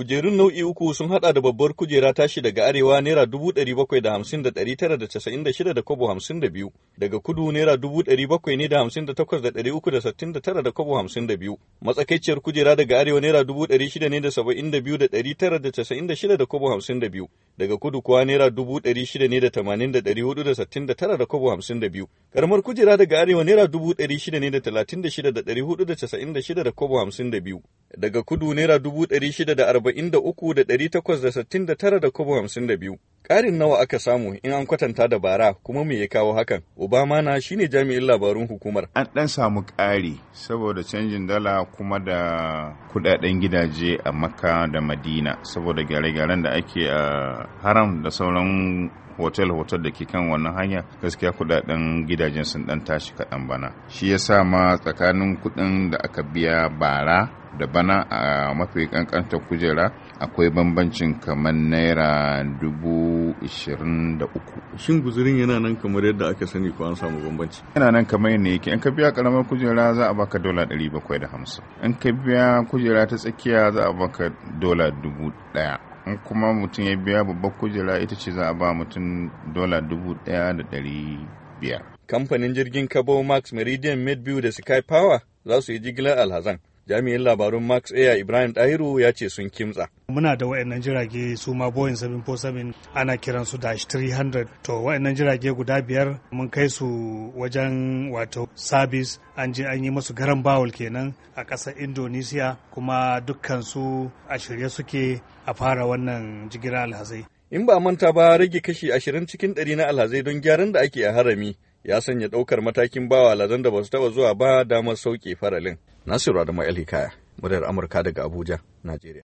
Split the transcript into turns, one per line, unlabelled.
Kujerun nau'i uku sun hada da babbar kujera tashi daga arewa naira dubu ɗari bakwai da hamsin da ɗari tara da casa'in da shida da kobo hamsin da biyu daga kudu naira dubu ɗari bakwai ne da hamsin da takwas da ɗari uku da sittin da tara da kobo hamsin da biyu matsakaiciyar kujera daga arewa naira dubu ɗari shida ne da saba'in da biyu da ɗari tara da casa'in da shida da kobo hamsin da biyu daga kudu kuwa naira dubu ɗari shida ne da tamanin da ɗari hudu da sittin da tara da kobo hamsin da biyu Karamar kujera daga arewa naira dubu ɗari shida ne da talatin da shida da ɗari hudu da casa'in da shida da kobo hamsin da biyu. Daga kudu naira dubu ɗari shida da arba'in da uku da ɗari takwas da sittin da tara da kobo hamsin da biyu. Ƙarin nawa aka samu in an
kwatanta da bara kuma me ya kawo hakan? Obama na shine jami'in labarun hukumar. An ɗan samu ƙari saboda canjin dala kuma da kudaden gidaje a Makka da Madina saboda gyare-gyaren da ake a haram da sauran hotel-hotel da ke kan wannan hanya gaskiya kudaden gidajen sun dan tashi kaɗan bana shi ya sa ma tsakanin kuɗin da aka biya bara da bana a mafi kankanta kujera akwai bambancin kamar naira dubu ishirin da uku shin guzurin yana nan kamar yadda aka sani ko an samu bambanci yana nan kamar yadda yake in ka biya karamar kujera za a baka dola ɗari bakwai da hamsin in ka biya kujera ta tsakiya za a baka dola dubu ɗaya in kuma mutum ya biya babbar kujera ita ce za a ba mutum dola dubu ɗaya da ɗari biyar
kamfanin jirgin kabo max meridian medview da sky power za su yi jigilar alhazan jami'in labarun max air ibrahim dahiru ya ce sun kimtsa
muna da wayannan jirage su ma boeing 747 ana kiran su dash 300 to wayannan jirage guda biyar mun kai su wajen wato sabis an je an yi masu garan bawul kenan a ƙasar indonesia kuma dukkan su a shirye suke a fara wannan jigilar alhazai in ba manta ba rage kashi 20 cikin 100
na alhazai don gyaran da ake a harami ya sanya ɗaukar matakin bawa ladan da ba su taɓa zuwa ba damar sauke faralin. Nasiru Adamu Hikaya, muryar Amurka daga Abuja, Najeriya.